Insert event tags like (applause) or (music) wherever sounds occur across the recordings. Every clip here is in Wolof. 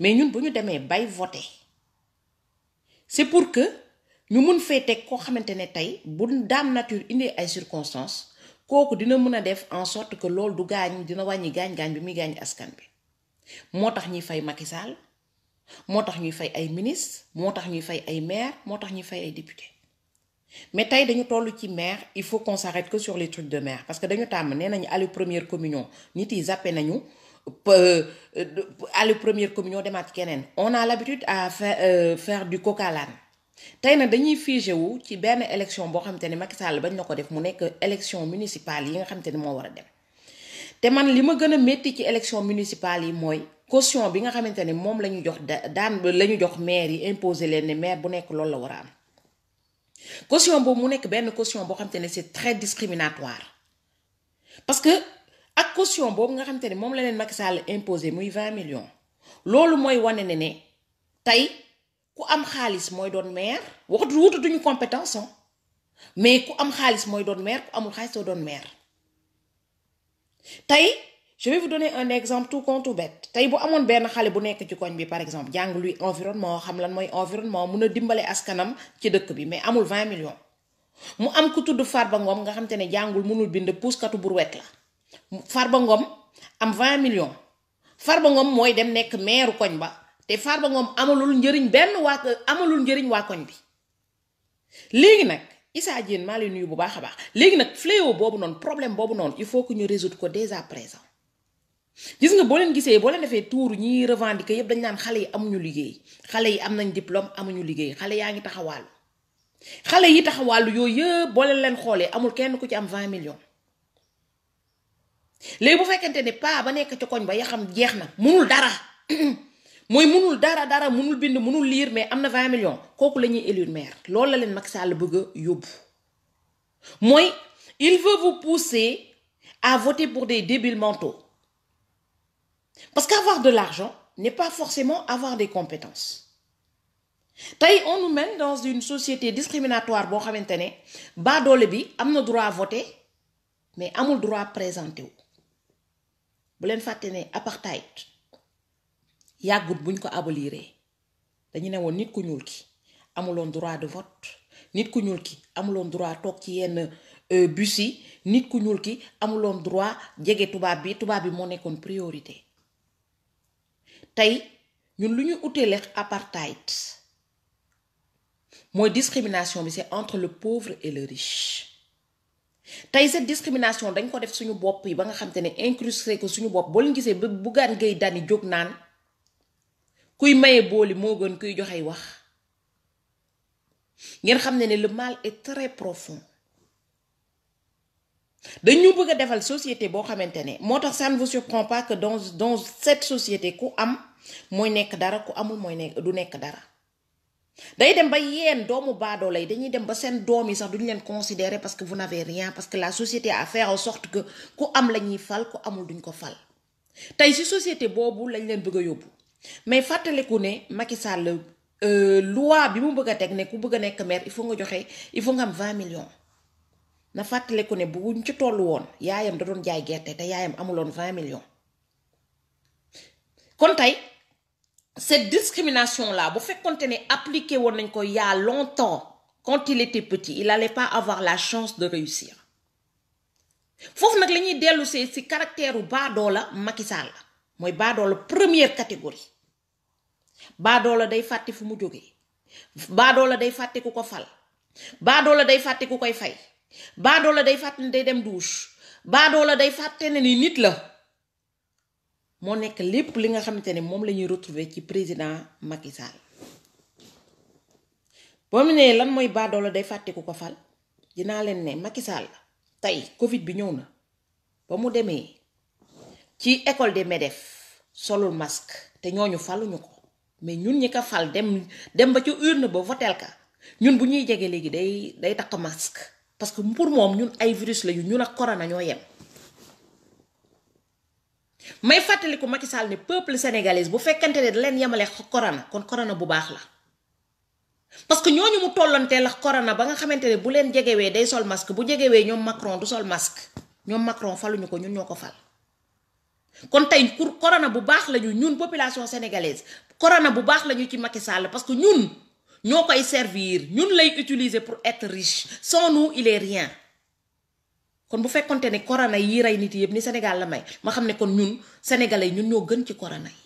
mais ñun bu ñu demee bay voter c'est pour que ñu mën fee teg koo xamante ne tey bu daam Nature indi ay circonstances kooku dina mën a def en sorte que lool du gaañ dina wàññi gaañ-gaañ bi muy gaañ askan bi moo tax ñuy fay Macky moo tax ñuy fay ay ministre moo tax ñuy fay ay maire moo tax ñuy fay ay député mais tey dañu tollu ci maire il faut qu'on s'arrête que sur les trucs de maire parce que dañu tàmm nee nañu aller première communion nit yi zappé nañu Euh, à la première communion demaat keneen on a l'habitude à faire euh, faire du coq tey nag dañuy figé wu ci benn élection boo xamante ni Macky Sall bañ na ko def mu nekk élection municipale yi nga xamante ni moo war a dem te man li ma gën a métti ci élection municipale yi mooy caution bi nga xamante ni moom la ñu jox daan la ñu jox maire yi imposer leen ne maire bu nekk loolu la war a am caution boobu mu nekk benn caution boo xamante ne c'est très discriminatoire parce ak caution boobu nga xamante ne moom la leen Macky Sall imposé muy 20 millions loolu mooy wane ne ne tey ku am xaalis mooy doon maire waxtu wutatuñu compétence mais ku am xaalis mooy doon maire ku amul xaalis doo doon maire tey je vais vous donner exemple tout compte tey bu amoon benn xale bu nekk ci koñ bi par exemple jàng luy environnement xam lan mooy environnement mun a dimbale askanam ci dëkk bi mais amul 20 million mu am ku tudd Farba Ngom nga xam te ne jàngul mënul bind puuskatu brouette far ba ngoom am 20 millions ba ngoom mooy dem nekk meeru koñ ba te Farba Ngom amalul njëriñ benn waa amalul njëriñ waa koñ bi léegi nag Issa Diène maa lay bu baax a baax léegi nag fléau boobu noonu problème boobu noonu il faut que ñu résoudre ko dès à présent gis nga boo leen gisee boo leen defee tuur ñi revendiquer yëpp dañ naan xale yi amuñu liggéey xale yi am nañ diplôme amuñu liggéey xale yaa ngi taxawaalu xale yi taxawaalu yooyu yëpp boo leen xoolee amul kenn ku ci am 20 millions léegi bu fekkente ne paa ba nekk ci koñ ba ya xam jeex na munul dara (clears throat) mooy munul dara dara munul bind munul liir mais am na 20 millions kooku la ñuy élire maire la leen mag saal bëgg a yóbbu mooy il veut vous pousser à voter pour des débiles mentaux parce que qu'avoir de l'argent n'est pas forcément avoir des compétence tey on nous mène dans une société discriminatoire boo xamante ne baa doole bi am na droit voter mais amul droit présenté wu bu leen fàtte ne apartheid yàggut buñ ko abolire dañu ne woon nit ku ñuul ki amuloon droit de vote nit ku ñuul ki amuloon droit toog ci yenn euh, bus yi nit ku ñuul ki amuloon droit jege tubaab bi tubaab bi moo nekkoon priorité tey ñun lu ñu utile apartheid mooy discrimination bi c'est entre le pauvre et le riche tey cette discrimination dañ ko def suñu bopp yi ba nga xam te ne incrusté ko suñu bopp boo leen gisee ba Bougane Gueye Dany jóg naan kuy maye booli moo gën kuy joxey wax ngeen xam ne ne le mal est très profond dañu bëgg a defal société boo xamante ne moo tax ça ne vous que dans dans cette société ku am mooy nekk dara ku amul mooy nekk du nekk dara day dem ba yéen doomu baadoola yi dañuy dem ba seen doom yi sax duñ leen considérer parce que vous n'avez rien parce que la société a fait en ku am la ñuy fal ku amul duñ ko fal tey ci société boobu lañ leen bëgg a yóbbu mais fàttaliku ne Macky Sall euh, loi bi mu bëgg a teg ne ku bëgg a nekk maire i faut nga joxe il faut nga am 20 millions na fàttaliku ne buñ ci tollu woon yaayam da doon jaay gerte te yaayam amuloon 20 millions kon tey. cette discrimination là bu fekkonte ne appliqué woon nañ koy il y a longtemps quand il était pas avoir la chance de réussir foofu nag la ñuy dellu see ci caractère u baadoola Macky la mooy baadoola première catégorie baadoola day fàtte fu mu jógee baadoola day fàtte ku ko fal baadoola day fàtte ku koy fay baadoola day fàtte ne day dem douche baadoola day fàtte ne ni nit la moo nekk lépp li nga xamante ne moom la ñuy retrouver ci président Macky Sall boo mu ne lan mooy baadoola day fàtte ku ko fal dinaa leen ne Macky Sall tey Covid bi ñëw na ba mu demee ci école des MEDEF solul masque te ñoo ñu faluñu ko mais ñun ñi ko fal dem dem ba ci urne ba votel ka ñun bu ñuy jege léegi day day takk masque parce que pour moom ñun ay virus la yu ñun a corona ñoo yem. may fàttaliku Macky Sall ne peuple sénégalais bu fekkante ne da leen yemale corona kon corona bu baax la parce que ñooñu mu tollantee la corona ba nga xamante ne bu leen jegewee day sol masque bu jegewee ñoom Macron du sol masque ñoom Macron faluñu ko ñun ñoo ko fal. kon tey pour corona bu baax la ñu ñun population sénégalaise corona bu baax la ñu ci Macky Sall parce que ñun ñoo koy servir ñun lay utiliser pour être riche sans nous il rien. kon bu fekkante ne corona yi rey nit yëpp ni Sénégal la may ma xam ne kon ñun sénégalais ñun ñoo gën ci corona yi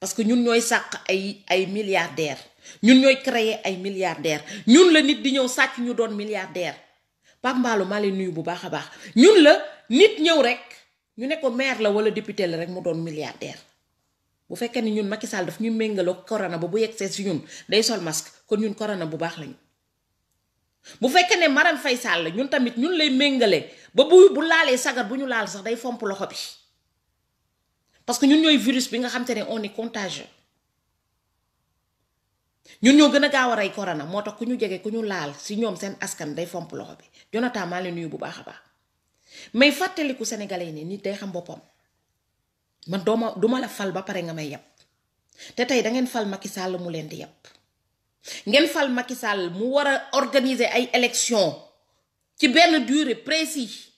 parce que ñun ñooy sàq ay ay milliardaires ñun ñooy créer ay milliardaires ñun la nit di ñëw sàcc ñu doon milliardaire Pape Mballo maa leen nuyu bu baax a baax ñun la nit ñëw rek ñu ne ko maire la wala député la rek mu doon milliardaire bu fekkee ni ñun Macky Sall daf ñu méngaloo corona ba bu yegsee si ñun day sol masque kon ñun corona bu baax lañu bu fekkee ne Marème fay Sall ñun tamit ñun lay méngale ba bu bu laalee sagar bu ñu laal sax day fomp loxo bi parce que ñun ñooy virus bi nga xam te ne on ni contagieux ñun ñoo gën a gaaw a rey corona moo tax ku ñu jege ku ñu laal si ñoom seen askan day fomp loxo bi Jonathan maa leen nuyu bu baax a baax mais fàttaliku sénégalais yi ne nit day xam boppam man dooma duma la fal ba pare nga may yàpp te tey da ngeen fal Macky Sall mu leen di yàpp ngeen fal Macky Sall mu war a organiser ay élections ci benn dure précis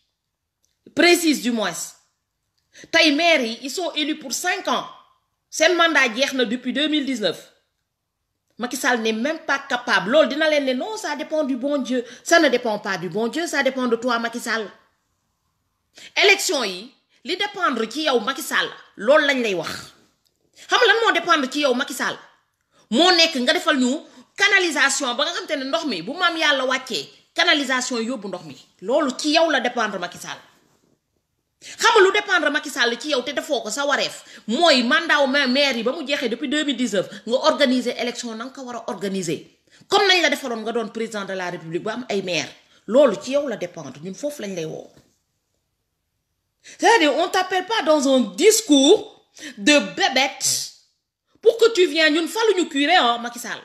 précise du moins tey maire yi ils sont élus pour cinq ans seen mandat jeex na depuis deux mille dix neuf Macky Sall n'est même pas capable loolu dina leen ne non ça dépend du bon Dieu ça ne dépend pas du bon Dieu ça dépend de toi Macky Sall élection yi li dépendre ci yow Macky Sall loolu lañ lay wax xam lan moo dépendre ci yow Macky Sall moo nekk nga defal ñu. canalisation ba nga xam te ne ndox mi bu maam yàlla wàccee canalisation yóbbu ndox mi loolu ci yow la dépendre Macky Sall xam lu dépendre Macky Sall ci yow te defoo ko sa wareef mooy mandat maire yi ba mu jeexee depuis 2019 nga organiser élection na nga ko war a organiser comme nañ la defaloon nga doon président de la république ba am ay maire loolu ci yow la dépendre ñun foofu lañ lay woo c'est-à-dire on t'appelle pas dans un discours de bébête pour que tu ñun faluñu curé ah Macky Sall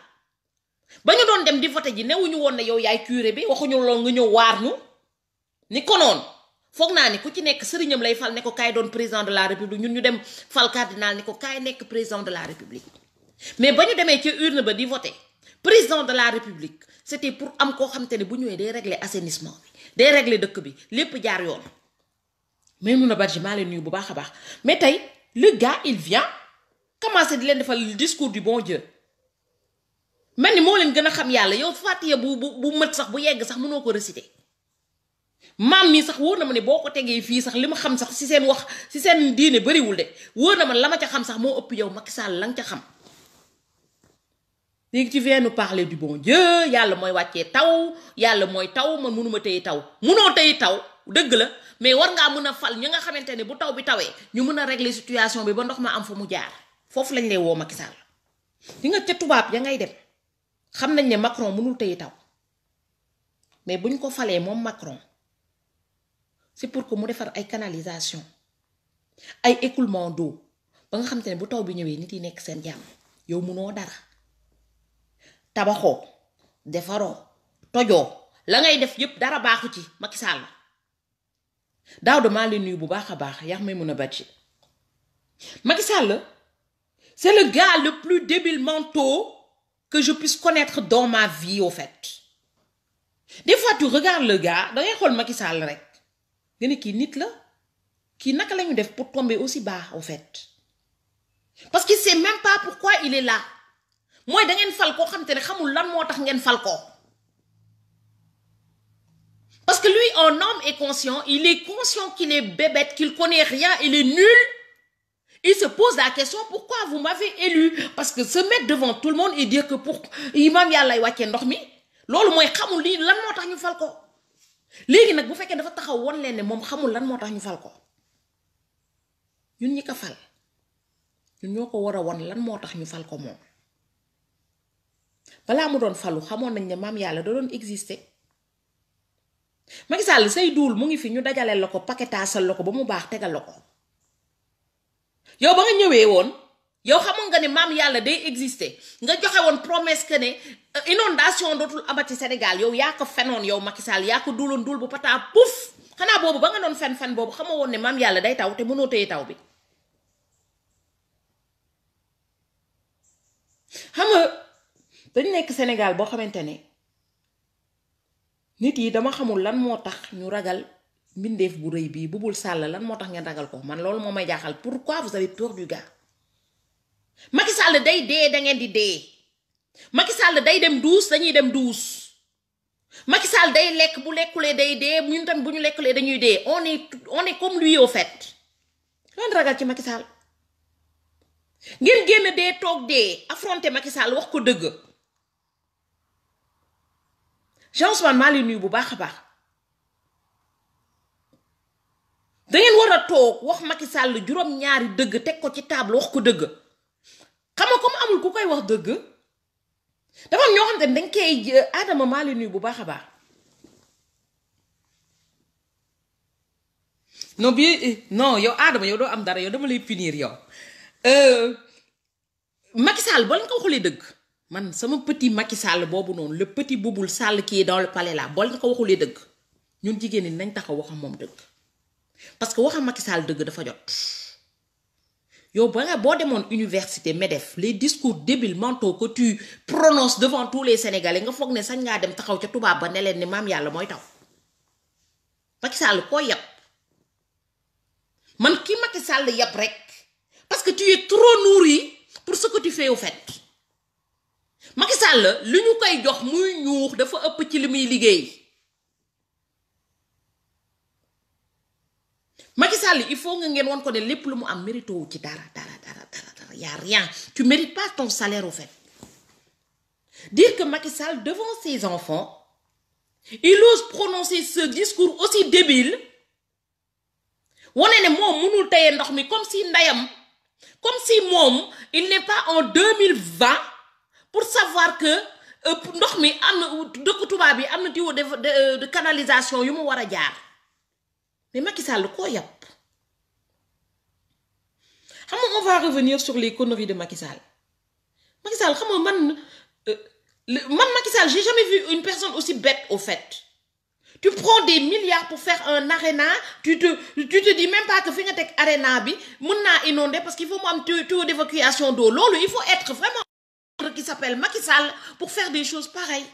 ba ñu doon dem di voté ji newuñu woon na yow yaay curé bi waxuñu lool nga ñëw waar ñu ni konoon foog naa ni ku ci nekk sëriñam lay fal ne ko kaay doon président de la république ñun ñu dem fal cardinal ni ko kaay nekk président de la république mais ba ñu demee ci urne ba di voté président de la république c'était pour am koo xam te bu ñëwee day régler assainissement bi day régler dëkk bi lépp jaar yoon mais mun a barji maa leen nuyu bu baax a baax mais tey le gars il vient commencer di leen defal discours du mel ni moo leen gën a xam yàlla yow fàttiya bu bu bu mët sax bu yegg sax munoo ko réciter maam mi sax wóor na ma ne boo ko tegee fii sax li ma xam sax si seen wax si seen diine bariwul de woo na ma la ma ca xam sax moo ëpp yow Macky Sall la nga ca xam léegi tu viens nous parler du bon Dieu yàlla mooy wàccee taw yàlla mooy taw man mënuma tey taw mënoo tey taw dëgg la mais war ngaa mën a fal ñi nga xamante ne bu taw bi tawee ñu mën a régler situation bi ba ndox ma am fa mu jaar foofu lañ lay woo Macky Sall di nga ca tubaab ya ngay dem xam nañ ne Macron mënul tëye taw mais buñ ko falee moom Macron c'est pour que mu defar ay canalisation ay écoulement d'eau ba nga xam te ne bu taw bi ñëwee nit yi nekk seen jàmm yow mënoo dara tabaxoo defaroo tojoo la ngay def yépp dara baaxu ci Macky Sall daaw damaa leen nuyu bu baax a baax yaa may mën a bàcc Macky Sall c'est le gars le plus débile mentaux que je puisse connaître dans ma vie au fait des fois tu regardes le gars dangay xool Macky rek nga ne kii nit la kii naka la def pour tomber aussi bas au fait parce qu'il sait même pas pourquoi il est là mooy da fal koo xam te ne xamul lan moo tax ngeen fal ko parce que lui un homme est conscient il est conscient qu'il est bébête qu'il connaît rien il est nul Il se pose la question pourquoi vous m'avez élu parce que se mettre devant tout le monde et dire que pour imaam yàllay wàccee ndox mi loolu mooy xamul lii lan moo tax ñu fal ko léegi nag bu fekkee dafa taxaw won leen ne moom xamul lan moo tax ñu fal ko ñun ñi ko fal ñun ñoo ko war a won lan moo tax ñu fal ko moom balaa mu doon falu xamoon nañ ne maam yàlla da doon exister Macky Sall say duul mu ngi fi ñu dajaleel la ko paquetasal la ko ba mu baax tegal la ko. yow ba nga ñëwee woon yow xamoon nga ne maam yàlla day exister nga joxe woon promesse que ne euh, inondation dootul amati Sénégal yow yaa ko fenoon yow Macky Sall yaa ko duuloon duul bu pataa puuf xanaa boobu ba nga doon fen fen boobu xamoo woon ne maam yàlla day taw te mënoo téye taw bi. xam nga dañ nekk Sénégal boo xamante ne nit yi dama xamul lan moo tax ñu ragal. mbindeef bu rëy bii Boubou sàll lan moo tax ngeen ragal ko man loolu moo may jaaxal pourquoi vous avez peur du gars Macky day dee dangeen di dee Macky Sall day dem duus dañuy dem duus Macky Sall day lekk bu lekkulee day dee ñun tamit bu ñu lekkulee dañuy dee on est on est comme lui au fait lan ragal ci Macky Sall ngeen génn dee toog dee affronter Macky Sall wax ko dëgg Jean Ousmane maa lay nuyu bu baax a baax. da war a toog wax Macky Sall juróom-ñaari dëgg teg ko ci table wax ko dëgg xam nga comme amul ku koy wax dëgg dafa ñoo xam ne dañ koy Adama maa bu baax a baax. non bi yow Adama yow am dara yow dama lay punir yow euh, Macky Sall boo leen ko dëgg man sama petit Macky Sall boobu noonu le petit boubou Sall kii dans le laa là boo leen ko waxulee dëgg ñun jigéen ñi nañ taxaw wax moom dëgg. parce que waxam Macky dëgg dafa jot yow ba nga boo demoon université MEDEF les discours débiles mentaux que tu prononces devant tous les sénégalais nga foog ne sañ ngaa dem taxaw ca tubaab ba ne leen ni maam yàlla mooy taw Macky koo yab man ki Macky Sall yab rek parce que tu es yi pour ce que tu fais au fait Macky Sall li ñu koy jox muy ñuux dafa ëpp ci li muy liggéey. Sall il faut nga ngeen won ko ne lépp lu mu am mérito wu ci dara dara dara dara dara y a rien tu mérites pas ton salaire au fait dire que Macky devant ses enfants il ose prononcer ce discours aussi débile wane ne moom mënul teye ndox mi comme si ndeyam comme si moom il n'est pas en pour savoir que euh, ndox mi am na dëkk tubaab yi am na tuyau de canalisation yu ma war a jaar mais Macky Sall koo yab xam nga on va revenir sur les conneries de Macky Sall Macky man euh, man Macky Sall j'ai jamais vu une personne aussi bête au fait tu prends des milliards pour faire un aréna tu te tu te dis même pas que fi nga teg aréna bi mën naa inonder parce qu'il faut mu am tuyau d'évacuation d'eau loolu il faut être vraiment qui s'appelle Macky Sall pour faire des choses pareilles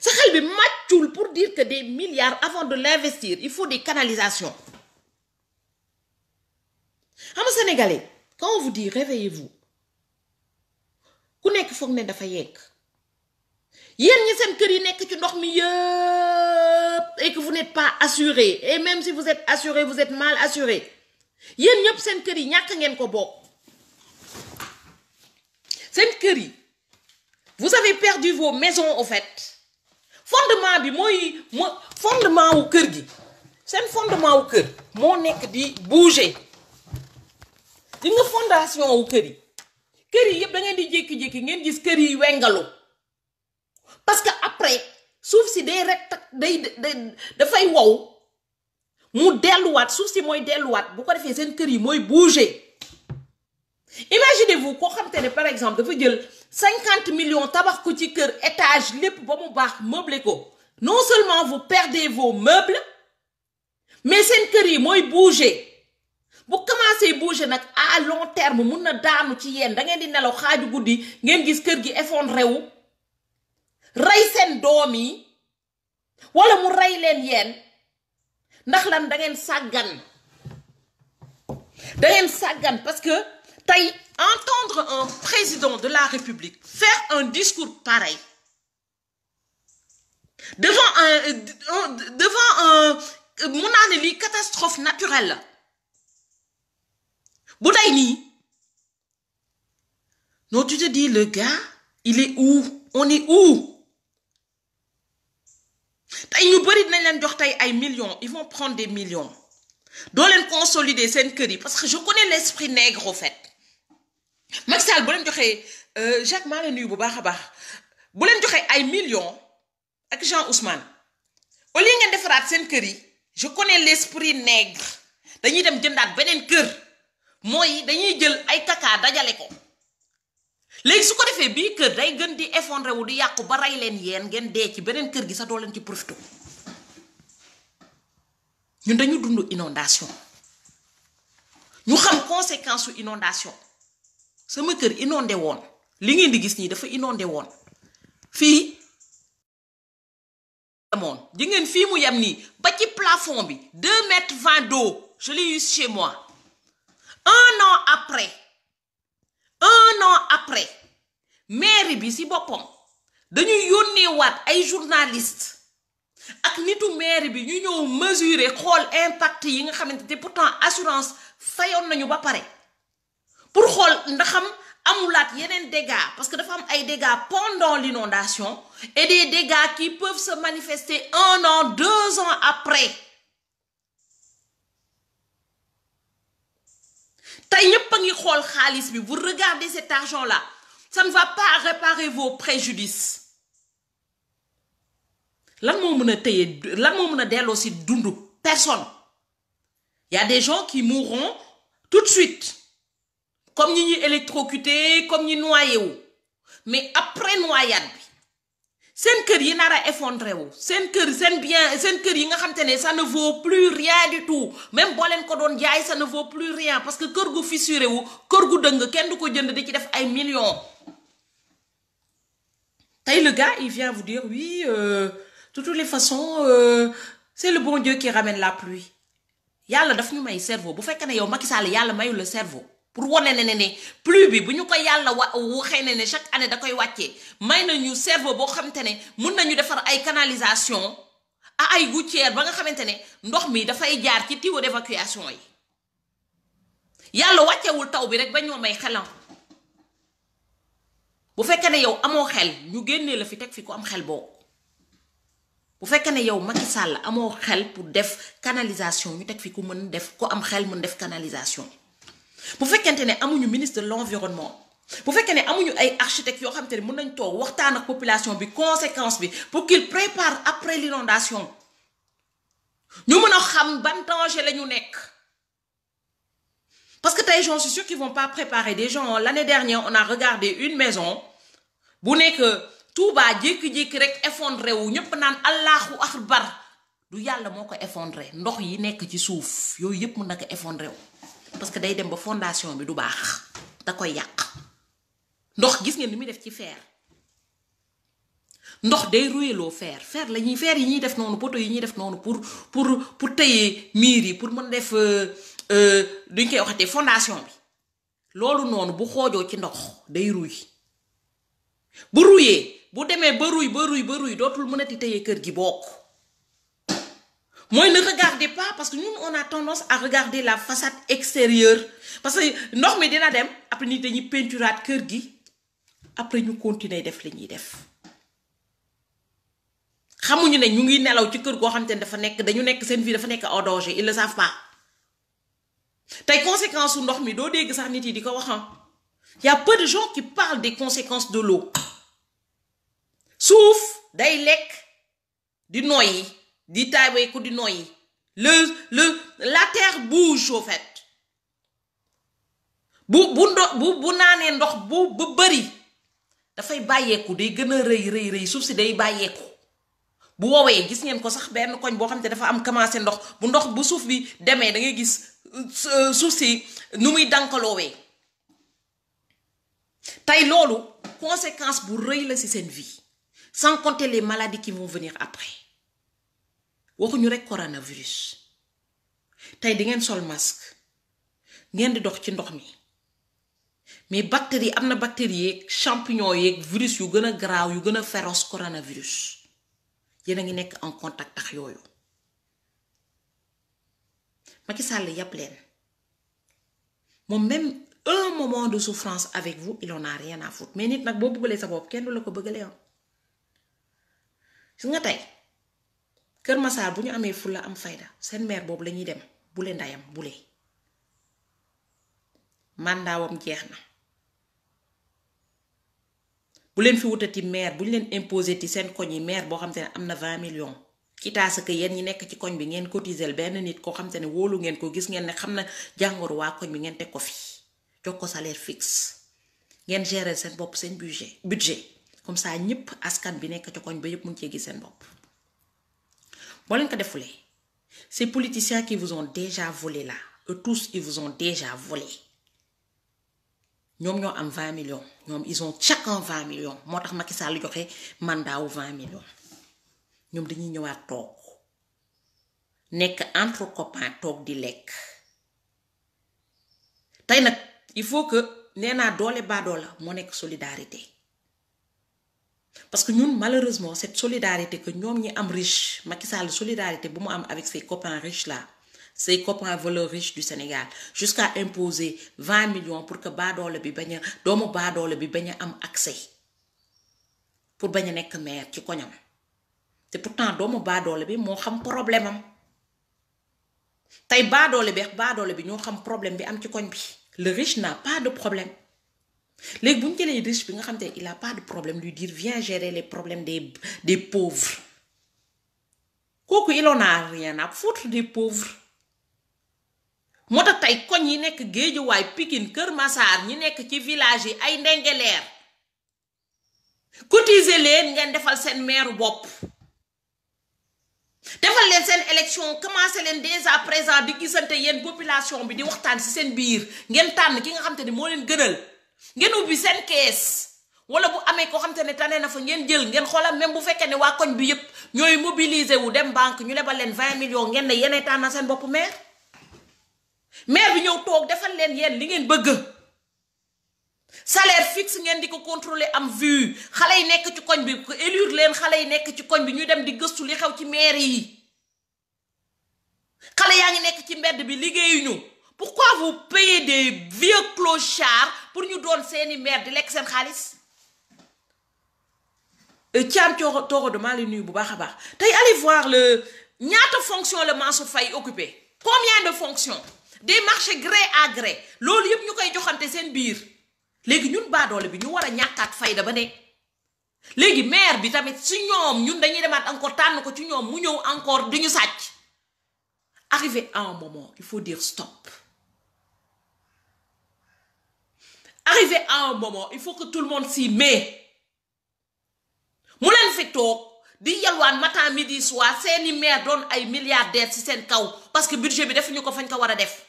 sa xel bi màccul pour dire que des milliards avant de l'investir il faut des canalisations xam nga sénégalais quand on vous dit réveillez-vous ku nekk foog ne dafa yegg yéen ñi seen kër yi nekk ci ndox mi yëpp et que vous n'êtes pas assuré et même si vous êtes assuré vous êtes mal assuré yéen ñëpp seen kër yi ñàkk ngeen ko bokk seen kër yi vous avez perdu vos maisons au fait fondement bi mooy fondement wu kër gi seen fondement wu kër moo nekk di bouger. di nga fondation wu kër yi kër yi yëpp da ngeen di jékki-jékki ngeen gis kër yi wengalu parce que après suuf si day rek day dafay wow mu delluwaat suuf si mooy delluwaat bu ko defee seen kër yi mooy bouger imaginez-vous koo xam te ne par exemple dafa jël cinquante million tabax ko ci kër étage lépp ba mu baax meublé ko non seulement vous perdez vos meubles mais seen kër yi mooy bouger bu commencé bouger nag à long terme mun na daanu ci yéen da di nelaw xaaju guddi ngeen gis kër gi effondré wu rey seen doom yi wala mu rey leen yeen ndax lan da sàggan da sàggan parce que tey entendre un président de la République faire un discours pareil devant un un mun naa ne lii catastrophe naturelle la bu tey nii non tu te dis le gars il est où on est où tey ñu bari dinañ leen jox tey ay millions ils vont prendre des millions doo leen consolider seen kër yi parce que je connais l'esprit nègre au fait Macky Sall bu leen joxee euh, Jacques maa leen nuyu bu baax a baax bu leen joxee ay millions ak Jean Ousmane au lieu ngeen defaraat seen kër yi je connais l'esprit nègre dañuy dem jëndaat beneen kër. mooy dañuy jël ay kaka dajale ko léegi su ko defee bii kër day gën di effondré wu di yàqu ba rey leen yéen ngeen dee ci beneen kër gi sax doo leen ci profité ñun dañu dund inondation ñu xam conséquence su inondation sama kër inondé woon li ngeen di gis nii dafa inonde woon fii moon di ngeen fii mu yem nii ba ci plafond bi deux mètres vingt d'eau je l'ai eu chez moi un an après un an après mairie bi ci boppam dañuy yónneewaat ay journaliste ak nitu mairie bi ñu ñëw mesurer xool impact yi nga xamante te pourtant assurance fayoon nañu ba pare pour xool ndaxam amulaat yeneen dégâts parce que dafa am ay dégâts pendant l'inondation et des dégâts qui peuvent se manifester un an deux ans après tey ñëpp a ngi xool xaalis bi vous regardez cet argent là ça ne va pas réparer vos préjudices lan moo mën a téye lan moo mën a delloo si dundu personne y des gens qui mourront tout de suite comme ñi ñuy électrocuté comme ñi noyé wu mais après noyade bi seen kër yi nar a effondré wu seen kër seen bien seen kër yi nga xam te ne ça ne vaut plus rien du tout même boo leen ko doon jaay ça ne vaut plus rien parce que kër gu fissuré wu kër gu dëng kenn du ko jënd di ci def ay millions tey le gars il vient vous dire oui euh, de les façons euh, c'est le bon Dieu qui ramène la pluie yàlla daf ñu may cerveau bu fekkee ne yow Macky Sall yàlla mayu la cerveau pour wane ne ne plus bi bu ñu ko yàlla wa waxee ne ne chaque année da koy wàccee may na ñu cerveau boo xamante ne mun nañu defar ay canalisation ay gouttière ba nga xamante ne ndox mi dafay jaar ci tuyau d'évacuation yi yàlla wàccewul taw bi rek ba ñoo may xelam bu fekkee ne yow amoo xel ñu génnee la fi teg fi ku am xel boobu bu fekkee ne yow Macky Sall amoo xel pour def canalisation ñu teg fi ku mën def ku am xel mën def canalisation bu fekkente ne amuñu ministre de l'environnement bu fekkee ne amuñu ay architectes yoo xam te ne mën nañ toog waxtaan ak population bi conséquence bi pour qu'il prépare après l'inondation ñu mun a xam ban danger la ñu nekk parce que tey j'en suis sûr qu'ils vont pas préparer des gens l'année dernière on a regardé une maison bu nekk Touba jékki-jékki rek effondré wu ñëpp naan allahu bar du yàlla moo ko effondré ndox yi nekk ci suuf yooyu yëpp mën na ko effondré wu parce que day dem ba fondation bi du baax da koy yàq ndox gis ngeen ni muy def ci fer ndox day ruyeloo feer feer la ñuy fer yi ñuy def noonu poto yi ñuy def noonu pour pour pour tëye miir yi pour mën def euh, euh, duñ koy waxatee fondation bi loolu noonu bu xoojoo ci ndox day ruy bu ruyee bu demee ba ruy ba ruy ba ruy dootul mënati tëye kër gi bokk. mooy ne regardez pas parce que ñun on a tendance à regarder la façade extérieure parce que ndox mi dina dem après nit dañuy peinturaat kër gi après ñu continue def li ñuy def xamuñu ne ñu ngi nelaw ci kër goo xam te dafa nekk dañu nekk seen vie dafa nekk en danger ils le savent pas tey conséquence su ndox mi doo dégg sax nit yi di ko waxam y a peu de gens qui parlent des conséquences de l'eau suuf day lekk di noyyi di taabeeku di noyyi yi le la terre bouge au fait bu bu ndo bu bu naanee ndox bu ba dafay bàyyeeku day gën a rëy rëy rëy suuf si day bàyyeeku bu woowee gis ngeen ko sax benn koñ boo xam te dafa am commencé ndox bu ndox bu suuf bi demee da ngay gis euh, suuf si nu muy dànkaloowee tey loolu conséquence bu rëy la ci seen vie sans compter les maladies qui vont venir après waxuñu rek coronavirus tey dingeen sol masque ngeen di dox ci ndox mi mais bactéries am na bactéries yeeg champignon yeeg virus yu gën a garaaw yu gën a féroce coronavirus yéen a ngi nekk en contact ak yooyu Macky sàll yàpp leen moom même un moment de souffrance avec vous il en naa rien mais nit nag boo bëggalee sa bopp kenn du la ko bëggalee am gis nga tey. Kër Masaar bu ñu amee fulla am fayda seen maire boobu lañuy dem bule ndayam bule màndaawam jeex na bu leen fi wutati maire bu ñu leen imposé ti seen koñ yi maire boo xam te ne am na 20 million ci taas ak yéen ñi nekk ci koñ bi ngeen cotiser benn nit koo xam te ne wóolu ngeen ko gis ngeen ne xam na jàngoro waa koñ bi ngeen teg ko fi jox ko salaire fixe ngeen gérer seen bopp seen budget budget comme saa ñëpp askan bi nekk ci koñ ba yëpp mun cee gis seen bopp. boo leen ko defulee ces politiciens qui vous ont déjà volé là eux tous ils déjà volé ñoom ñoo am 20 millions ñoom ils chaque chacun 20 millions moo tax Macky Sall joxe mandat wu 20 millions ñoom dañuy ñëwaat toog nekk entre copains toog di lekk tey nag il faut que nee naa doole baadoo la moo nekk solidarité. parce que ñun malheureusement cette solidarité que ñoom ñi am riche Macky solidarité bu mu am avec ses copains riches là ses copains voleurs riches du Sénégal jusqu'à imposer vingt millions pour que baadoole bi bañ a doomu baadoole bi bañ a am accès pour bañ a nekk maire ci koñam te pourtant doomu baadoole bi moo xam problème am tey baadoole bi baadoole bi ñoo xam problème bi am ci koñ bi le riche n'a pas de problème léegi bu ñu jëlee bi nga xam te il a pas de problème lui dire viens gérer les problèmes des des pauvres kooku il en a rien à foutre des pauvres moo tax tey koñ yi nekk Géejawaay Pikine Kër Massar ñi nekk ci village yi ay ndengeleer cotiser leen ngeen defal seen meeru bopp defal leen seen élection commencé leen dès à présent di gisante yéen population bi di waxtaan ci seen biir ngeen tànn ki nga xam te ni moo leen gënal ngeen ubbi seen kees wala bu amee koo xam te ne tane na fa ngeen jël ngeen xoolal même bu fekkee ne waa koñ bi yëpp ñooy mobiliser wu dem banque ñu lebal leen 20 millions ngeen ne yéenay tànn seen bopp maire maire bi ñëw toog defal leen yéen li ngeen bëgg salaire fixe ngeen di ko contrôler am vue xale yi nekk ci koñ bi leen xale yi nekk ci koñ bi ñu dem di gëstu li xew ci maire yi xale yaa ngi nekk ci mbedd bi liggéeyuñu pourquoi vous payez des vieux clochards pour ñu doon seeni maire di lekk seen xaalis Thiam Toro maa lay nuyu bu baax a baax tey allez voir le ñaata fonction la Mansour Faye occupé combien de fonctions des marchés à gré loolu yëpp ñu koy joxante seen biir léegi ñun baadoole bi ñu war a ñàkkaat fayda ba ne léegi maire bi tamit si ñoom ñun dañuy demaat encore tànn ko ci ñoom mu ñëw encore du ñu sàcc arrivé à un moment il faut dire stop arrivé à un il faut que tout le monde s'y met mu leen fi toog di yalwaan matin midi soir seeni maire doon ay der ci seen kaw parce que budget bi defuñu ko fañ ko war a def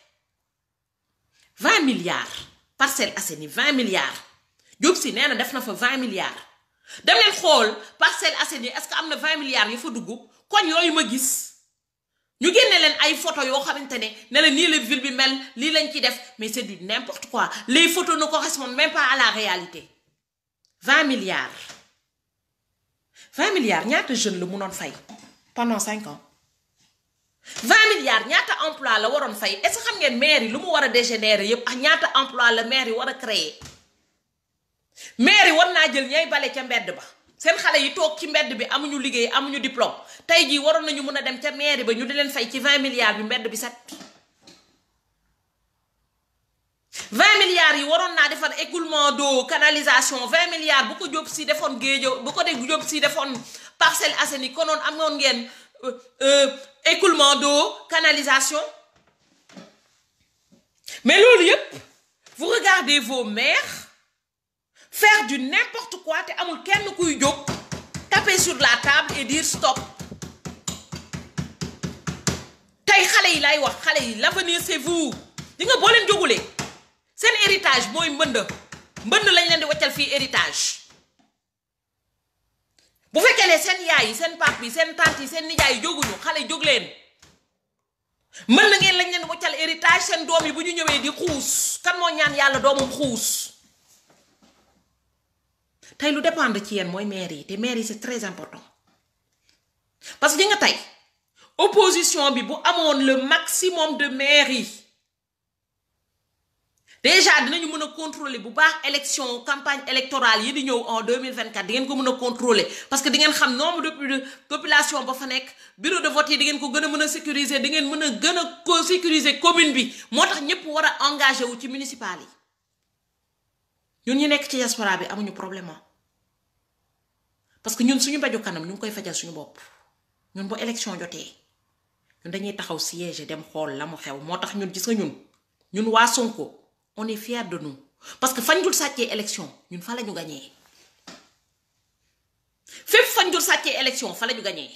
vingt milliards Parcelles Assainies vingt milliards Diop Sy nee na def na fa vingt milliards dem leen xool Parcelles Assainies est-ce que am na vingt milliards yu fa dugg koñ yooyu ma gis ñu génne leen ay photo yoo xamante ne ne la nii la bi mel lii lañ ci def mais c'est du n'importe quoi les photos ne correspondent même pas à la réalité vingt milliards vingt milliards ñaata jeune la munoon fay pendant cinq ans vingt milliards ñaata emploi la waroon fay est-ce xam ngeen maire lu mu war a dégénérer yépp ak ñaata emploi la maire yi war a créer maire yi war naa jël ñay bale ca mbedd ba seen xale yi toog ci mbedd bi amuñu liggéey amuñu diplôme tey jii waroon nañu mën a dem ca mairie ba ñu di leen fay ci vingt milliards bi mbedd bi set. vingt milliards yi waroon naa defar écoulement do canalisation vingt bu ko Diop si defoon géejo bu ko dégg Diop si defoon Parcelles konoon amoon ngeen euh, euh, écoulement d'eau canalisation mais loolu yëpp vous regardez vos maires. faire du n'importe quoi te amul kenn kuy jóg taper sur la table et dire stop tey xale yi lay wax xale yi l'avenir c'est vous di nga boo leen jógulee seen héritage mooy mbënd mbënd lañ leen di waccal fii héritage bu fekkee ne seen yaay yi seen pap yi seen tante yi seen nijaay yi jóguñu xale jóg leen mbënd ngeen lañ leen di waccal héritage seen doom yi bu ñu ñëwee di xuus kan moo ñaan yàlla doomam xuus tey lu dépendre ci yéen mooy maire yi te maire yi c'est très important parce que di nga tey opposition bi bu amoon le maximum de maire yi déjà dinañu mën a contrôler bu baax élection campagne électorale yi di ñëw en 2024 di ngeen ko mën a contrôler parce que di ngeen xam nombre de population ba fa nekk bureau de vote yi di ngeen ko gën a mën a sécuriser di ngeen mën a gën a sécuriser commune bi moo tax ñëpp war a engagé wu ci municipal yi ñu nekk ci diaspora bi amuñu problème parce que ñun suñu baju kanam ñu ngi koy fajal suñu bopp ñun bu élection jotee ñun dañuy taxaw siège dem xool la mu xew moo tax ñun gis nga ñun ñun waa Sonko on est fier de parce que fañ dul sàccee élection ñun fa la ñu gañee fépp fañ dul sàccee élection fa la ñu gañee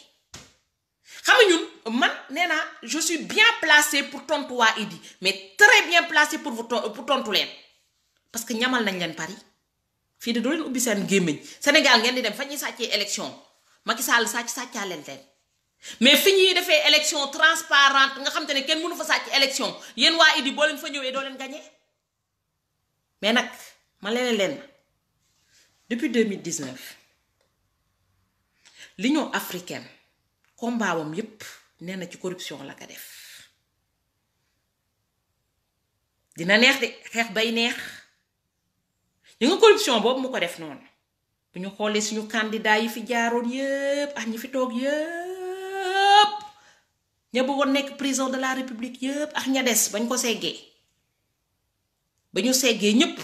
xam ñun man nee naa je bien placé pour tontu waa Idi mais très bien placé pour vous pour tontu leen parce que ñamal nañ leen Paris. fii de doo leen ubbi seen gémmiñ Sénégal ngeen di dem fa ñuy sàccee élection Macky Sall sàcc sàccaa leen mais fi ñuy defee élection transparente nga xam te ne kenn mënu fa sàcc élection yéen waa Idi boo leen fa ñëwee doo leen gagné mais nag ma leen leen depuis 2019 l'Union africaine combat wam yépp nee na ci corruption la ko def dina neex de xeex bay neex li nga corruption boobu mu ko def noonu bu ñu xoolee suñu kandidaa yi fi jaaroon yëpp ak ñi fi toog yëpp ña bëggoon nekk président de la république yëpp ak ña des bañ ko seggee ba ñu seggee ñëpp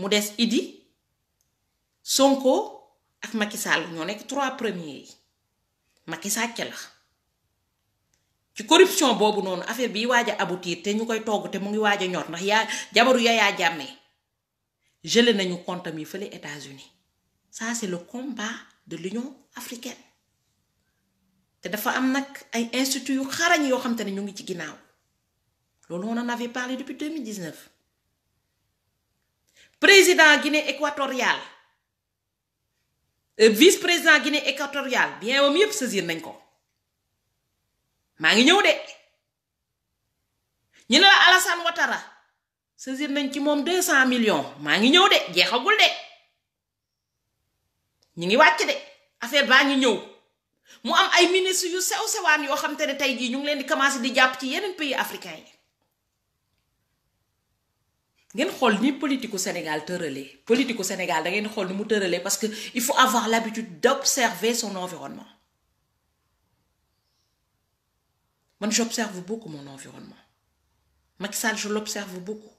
mu des Idi Sonko ak Macky Sall ñoo nekk trois premiers yi Macky sàcc la ci corruption boobu noonu affaire bi waaj a te ñu koy togg te mu ngi waaj a ñor ndax yaa jabaru Yaya Jammeh gelé nañu compte am yi fële États-Unis ça c'est le combat de l'Union africaine te dafa am nag ay institut yu xarañ yoo xam te ne ngi ci ginnaaw loolu on en avait parlé depuis 2019 président Guinée équatoriale euh, vice président Guinée équatoriale bien wam yëpp saisir nañ ko maa ngi ñëw de ñu ne la Alassane Ouattara saisir nañ ci moom deux cent millions maa ngi ñëw de jeexagul de ñu ngi wàcc de affaire baa ngi ñëw mu am ay ministre yu sew sewaan yoo xam te ne tey jii ñu ngi leen di commencé di jàpp ci yenn pays africain yi ngeen xool ni politiku Sénégal tëralee politiku Sénégal da ngeen xool ni mu tëralee parce que il faut avoir l'habitude d'observer son environnement man j'observe beaucoup mon environnement Macky Sall je l'observe beaucoup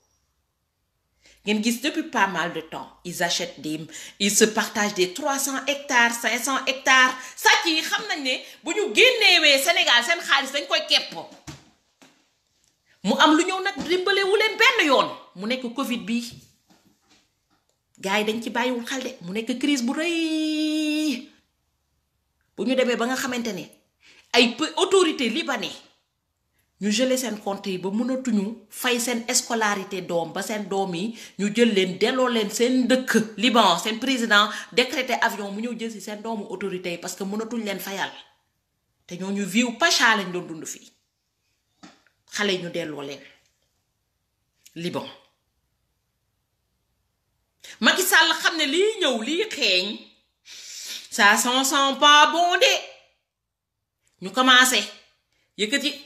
ngeen gis depuis pas mal de temps ils achètent des ils se partagent des 300 hectares hectares sàcc yi xam nañ ne bu ñu génnewee Sénégal seen xaalis dañ koy képp mu am lu ñëw nag dimbalewu leen benn yoon mu nekk Covid bi gars yi dañ ci bàyyiwul xel de mu nekk crise bu rëy bu ñu demee ba nga xamante ne ay autorité libanais ñu gelé seen compte yi ba mënatuñu fay seen scolarité doom ba seen doom yi ñu jël leen delloo leen seen dëkk Liban seen président décrété avion mu ñëw jël si seen doomu autorité yi parce que mënatuñ leen fayal te ñoo ñu viw pacha lañ doo dund fii xale ñu delloo leen Liban Macky Sall xam ne lii ñëw lii xeeñ ça s'en sent pas bon de ñu commencé yëkkati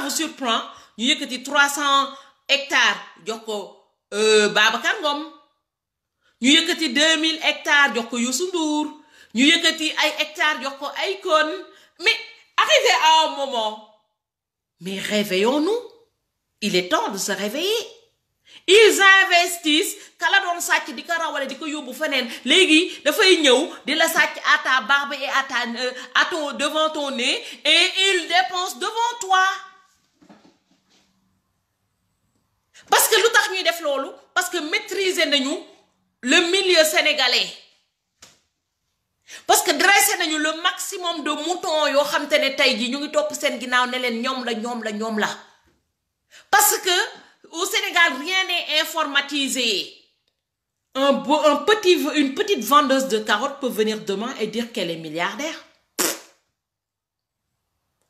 ça vous surprend ñu yëkkati 300 hectares jox ko euh, Babacar Ngom ñu yëkkati 2000 hectares jox ko Youssou Ndour ñu yëkkati ay hectares jox ko ay kon mais arrivé à un moment mais réveillons-nous il est temps de se réveiller ils investissent kala doon sàcc di ko rawale di ko yóbbu feneen léegi dafay ñëw di la sàcc à barbe et à ta euh, à et il dépense devant toi parce que lu tax ñuy def loolu parce que maîtriser nañu le milieu sénégalais parce que dressé nañu le maximum de moutons yoo xam te ne tey jii ñu ngi topp seen ginaaw ne leen ñoom la ñoom la ñoom la parce que au Sénégal rien n'est informatisé un beau un petit une petite vendeuse de carottes peut venir demain et dire qu'elle est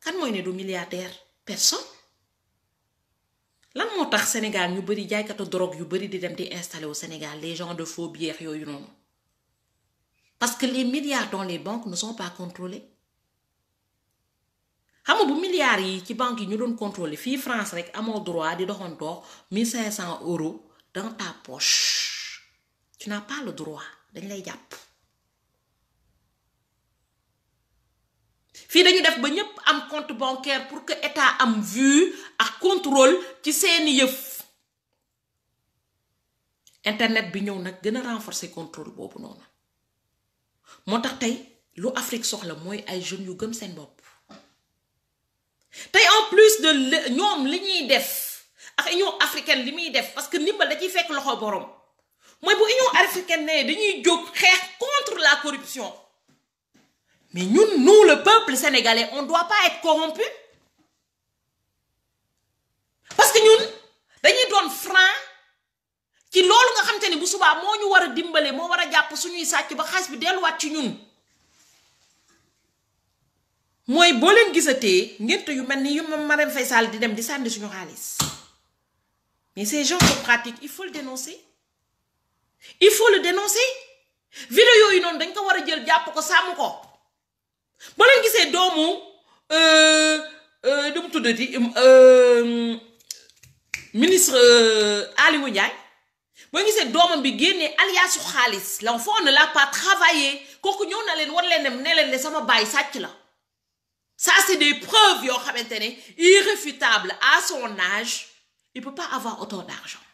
kan mooy ne du milliardaire personne. lan moo tax Sénégal ñu bëri jaaykatu drogue yu bëri di dem di installé au Sénégal les gens de faux billets yooyu noonu parce que les milliards dans les banques ne sont pas contrôlés xam bu milliards yi ci banques yi ñu doon contrôlé fii France rek amoo droit di doxantoo 1500 euros dans ta poche tu n'as pas le droit dañ lay jàpp. fii dañu def ba ñëpp am compte bancaire pour que état am vue ak controle ci seeni yëf internet bi ñëw nag gën a renforcer contrôle boobu noonu moo tax tey lu Afrique soxla mooy ay jeunes yu gëm seen bopp tey en plus de ñoom li ñuy def ak union africaine li muy def parce que ndimbal da ciy fekk loxo borom mooy bu union africaine ne dañuy jóg xeex contre la corruption Mais ñun nous le peuple sénégalais on doit pas être corrompu parce ñun dañuy doon franc ci loolu nga xamante ni bu subaa moo ñu war a dimbale moo war a jàpp suñuy sàcc ba xaalis bi ci ñun mooy boo leen gisatee yu mel ni yu moom Marème Faye Sall di dem di sànni suñu xaalis mais ces genres de il faut le dénoncer il faut le dénoncer vidéo yooyu noonu dañ ko war a jël jàpp ko sàmm ko. boo leen gisee doomu du euh, euh, mu tuddati euh, ministre Aliou Ndiaye boo gisee doomam bi génnee aliasu xaalis l'enfant ne l'a pas travaillé kooku ñëw na leen war leen ne ne leen ne sama baay sàcc la ça c'est des preuves yoo xamante ne irréfutable à son âge il peut pas avoir autant d'argent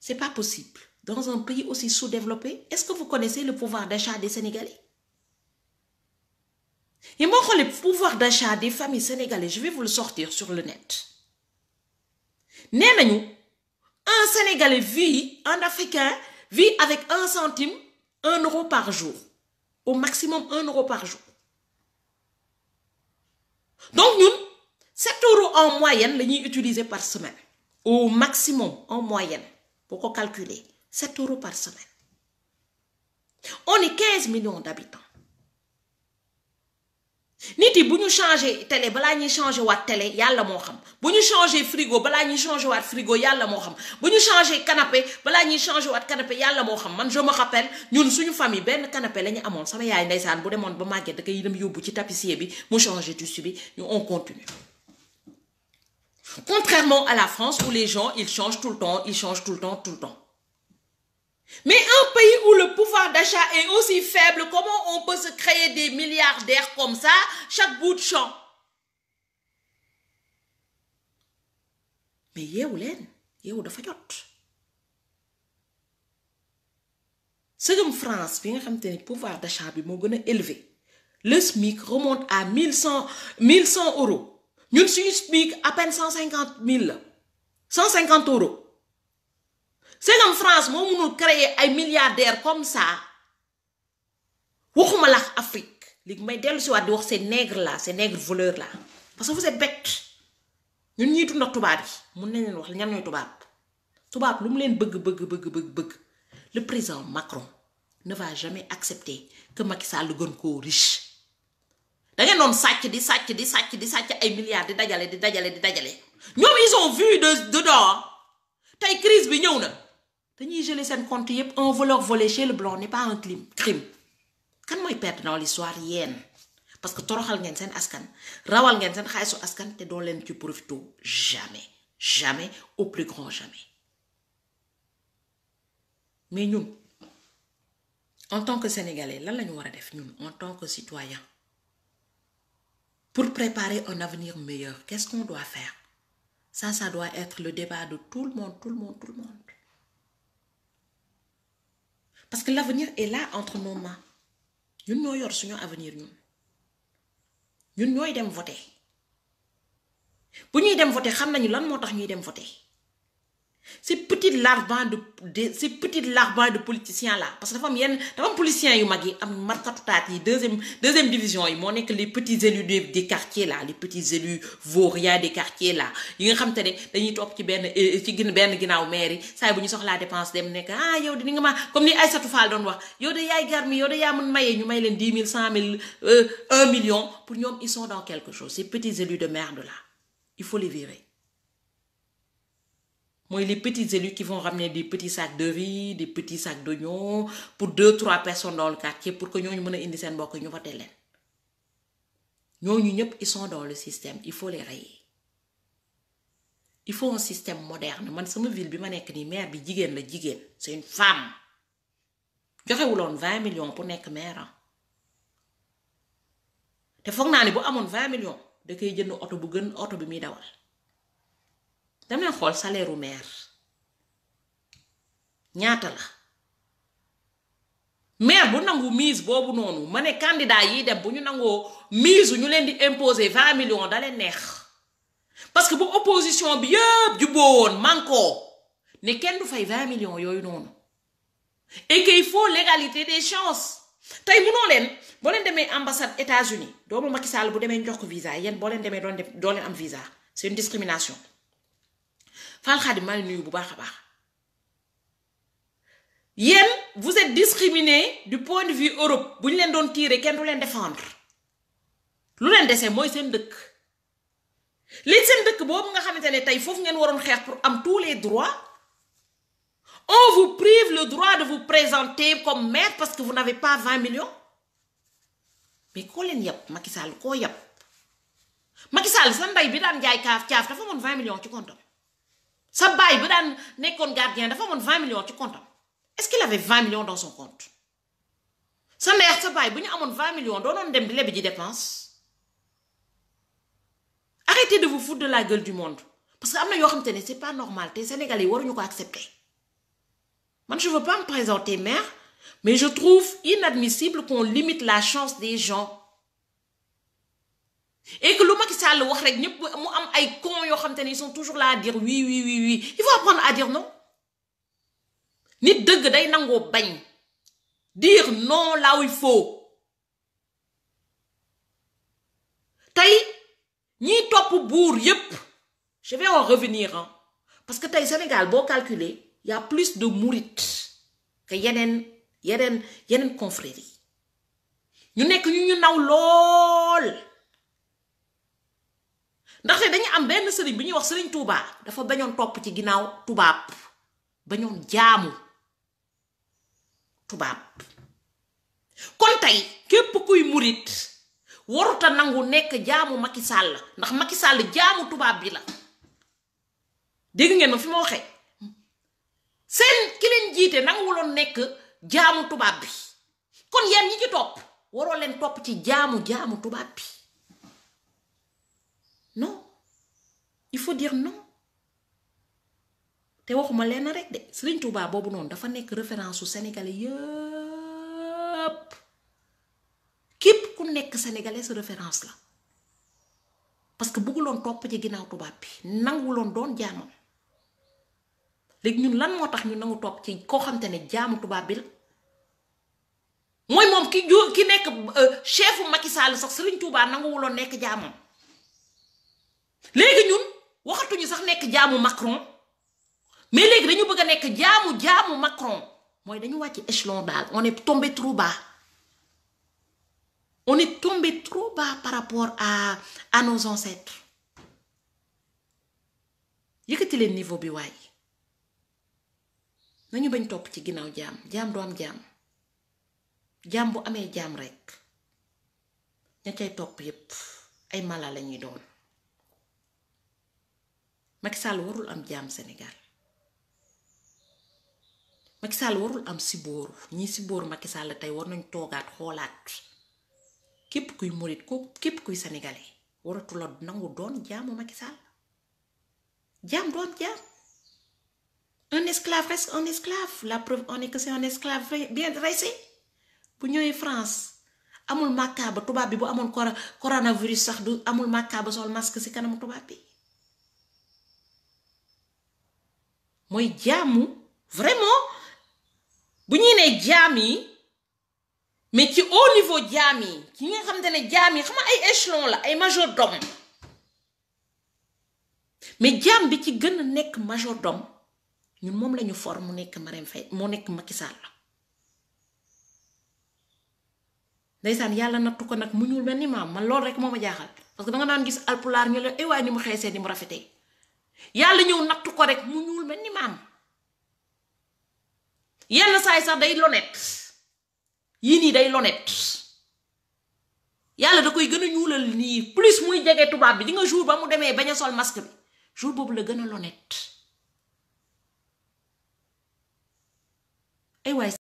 c'est pas possible dans un pays aussi sous-développé est-ce que vous connaissez le pouvoir d'achat des Sénégalais Et moi, le pouvoir d'achat des familles sénégalaises, je vais vous le sortir sur le net. Némenou, un Sénégalais vit, un Africain vit avec un centime, un euro par jour. Au maximum, un euro par jour. Donc, nous, 7 euros en moyenne, nous utilisons par semaine. Au maximum, en moyenne. Pour calculer, 7 euros par semaine. On est 15 millions d'habitants. nit yi bu ñu changé télé balaa ñuy changé waat télé yàlla moo xam bu ñu changé frigo balaa ñuy changé waat frigo yàlla moo xam bu ñu changé canapé balaa ñuy changé waat canapé yàlla moo xam man je ma rappelle ñun suñu famille benn canapé la ñu amoon sama yaay ndeysaan bu demoon ba màgget da koy dem yóbbu ci tapissier bi mu changé tissu bi ñu on continue contrairement à la France où les gens ils changent tout le tout le temps tout le temps Mais un pays où le pouvoir d'achat est aussi faible, comment on peut se créer des milliardaires comme ça, chaque bout de champ Mais yeewu leen yeewu dafa jot sëgëm France bi nga xam te ne pouvoir d'achat bi moo gën a élevé le SMIC remonte à mille cent mille cent euros ñun suñu SMIC à peine cent cinquante mille la cent cinquante euros segam France moo mënul créer ay milliardaires comme ça waxuma la Afrique lii may dellu si di wax ces nègres là ces nègres voleurs là parce que vous êtes bête ñun ñuy dund ak tubaab yi mun nañ leen wax ñan ñooy tubaab tubaab lu mu leen bëgg bëgg bëgg bëgg bëgg le président Macron ne va jamais accepter que Macky Sall lu gën koo riche da ngeen sàcc di sàcc di sàcc di sàcc ay milliards di dajale di dajale di dajale ñoom ils ont vu de de dehors tey crise bi ñëw na. dañuy geler seen compte yëpp un voleur volé chez Leblanc n'est pas un crime crime kan mooy perdre dans l'histoire yéen parce que toroxal ngeen seen askan rawal ngeen seen xaalisu askan te doo leen ci profité jamais jamais au plus grand jamais mais ñun en tant que sénégalais lan lañu war a def ñun en tant que citoyen pour préparer un avenir meilleur qu'est-ce qu'on doit faire ça ça doit être le débat de tout le monde tout le monde tout le monde parce que l'avenir est là entre nos mains ñun ñoo yor suñu avenir ñun ñun ñooy dem voter bu ñuy dem voter xam nañu lan moo tax ñuy dem voter ces petits larbins de de ces petits larbins parce que dafa am yenn dafa am politiciens yu mag yi am markatutaat yi deuxième deuxième division yi moo nekk li petits élus des des quartiers là les petits élus vauriens des quartiers là yi nga xam te ne dañuy topp ci benn eh, ci gin benn ginnaaw maire yi saa bu ñu soxlaa dépense dem nekk ah yow di ni nga ma comme ni Aïssatou Fall doon wax yow de yaay gar mi de yaa mën mayee ñu may leen dix mille cent mille euh, un million pour ñoom ils sont dans quelque chose ces mooy li les petits élus qui vont ramener des petits sacs de riz des petits sacs d'oignons pour deux trois personnes dans le quartier pour que ñooñu mën a indi seen mbokk ñu voté leen ñooñu ñëpp ils sont dans le système il faut les rayer il faut un système moderne man sama ville bi ma nekk nii maire bi jigéen la jigéen c'est une joxewuloon vingt million pour nekk maire te foog naa ni bu amoon vingt million da koy jënd oto bu gën oto bi muy dawal. damay xool salaire u ñaata la maire bu nangu mise boobu noonu ma ne candidat yi dem bu ñu nangoo mise ñu leen di imposer vingt millions da leen neex parce que bu opposition bi yëpp jubboo woon mànkoo ne kenn du fay vingt millions yooyu noonu et qu'il faut l'égalité des chances tey munoo leen boo leen demee ambassade États-Unis doomu Macky Sall bu demee njox ko visa yéen boo leen demee doon def doo leen am visa c'est une discrimination Fall Khadim maa nuyu bu baax a baax yéen vous êtes discriminés du point de vue Europe bu ñu leen doon tirer kenn du leen defendre lu leen desee mooy seen dëkk léegi seen dëkk boobu nga xamante ne tey foofu ngeen waroon xeex pour am tous les droits on vous prive le droit de vous présenté comme maire parce que vous n'avez pas 20 millions mais koo leen yab Macky Sall koo yab Macky Sall sa ndey bi daan jaay kaaf caaf dafa amoon 20 millions ci compte sa baay bu daan nekkoon gardien dafa amoon vingt millions ci compte est-ce qu'il avait vingt millions dans son compte sa mère sa baay bu ñu amoon vingt millions doonoon dem di lebi ji dépense arrêtez de vous foutre de la gueule du monde parce que am na yoo xamante ne c'est pas normal te Sénégalais yi ñu ko accepter man je veux pas me présenter mère mais je trouve inadmissible qu'on limite la chance des gens et lu Macky Sall wax rek ñépp mu am ay cons yoo xam te ne ils sont toujours là dire oui oui oui il faut apprendre à dire non nit dëgg day nangoo bañ dire non là où il tey ñi topp buur yépp je vais en revenir hein parce que tey Sénégal boo calculer y plus de mourides que yeneen yeneen yeneen confréries yi ñu nekk ñu ñu naw lool. ndaxte dañu am benn sëriñ bi ñuy wax sëriñ Touba dafa bañoon topp ci ginnaaw tubaab bañoon jaamu tubaab kon tey képp kuy murit waruta nangu nekk jaamu Macky Sall ndax Macky Sall jaamu tubaab bi la dégg ngeen ma fi ma waxee seen ki leen jiite nanguwuloon nekk jaamu tubaab bi kon yéen ñi ci topp waroo leen topp ci jaamu jaamu tubaab bi. non il faut dire non te waxuma lenn rek de Serigne Touba boobu noonu dafa nekk référence su sénégalais yëpp képp ku nekk sénégalais sa référence la parce que bëgguloon topp ci ginnaaw tubaab bi nanguwuloon doon jaamam léegi ñun lan moo tax ñu nangu topp ci koo xam te ne jaamu tubaab bi la mooy moom ki ju ki nekk euh, chefu Macky Sall sax Serigne Touba nanguwuloon nekk jaamam. léegi ñun waxatuñu sax nekk jaamu Macron mais léegi dañu bëgg a nekk jaamu jaamu Macron mooy dañu wàcc échelon daal on est tombé trop bas on par rapport à à nos ancêtres yëkkati leen niveau bi waay nañu bañ topp ci ginnaaw jaam jaam du am jaam jaam bu amee jaam rekk ña cay topp yëpp ay mala lañuy doon Macky Sall warul am jaam Sénégal Macky warul am si booru ñi si booru Macky tey war nañ toogaat xoolaat képp kuy murit ko képp kuy sénégalais waratu la nangu doon jaamu Macky Sall jaam doon jaam un esclave reste un esclave la preuve on est que c'est un esclave bu ñëwee France amul màkkaaba tubaab bi bu amoon coronavirus sax du amul màkkaaba sol masque si kanamu tubaab bi mooy jaamu vraiment bu ñuy ne jaam yi mais ci haut niveau jaam yi ki nga xamante ne jaam yi xam nga ay échelon la ay majordome mais jaam bi ci gën a nekk majordome ñun moom lañu for mu nekk Marème Faye moo nekk Macky Sall la ndeysaan yàlla nattu ko nag mu ñuul mel ni maam man loolu rek moo ma jaaxal parce que danga daan gis alpulaar ñu la ay eh waay ni mu xeesee ni mu rafetee yàlla ñëw nattu ko rek mu ñuul mel ni maam yenn saay sax day lonet yii nii day lonet yàlla da koy gën a ñuulal nii plus muy jege tubaab bi di nga jour ba mu demee bañ a sol masque bi jour boobu la gën a lonet ay waay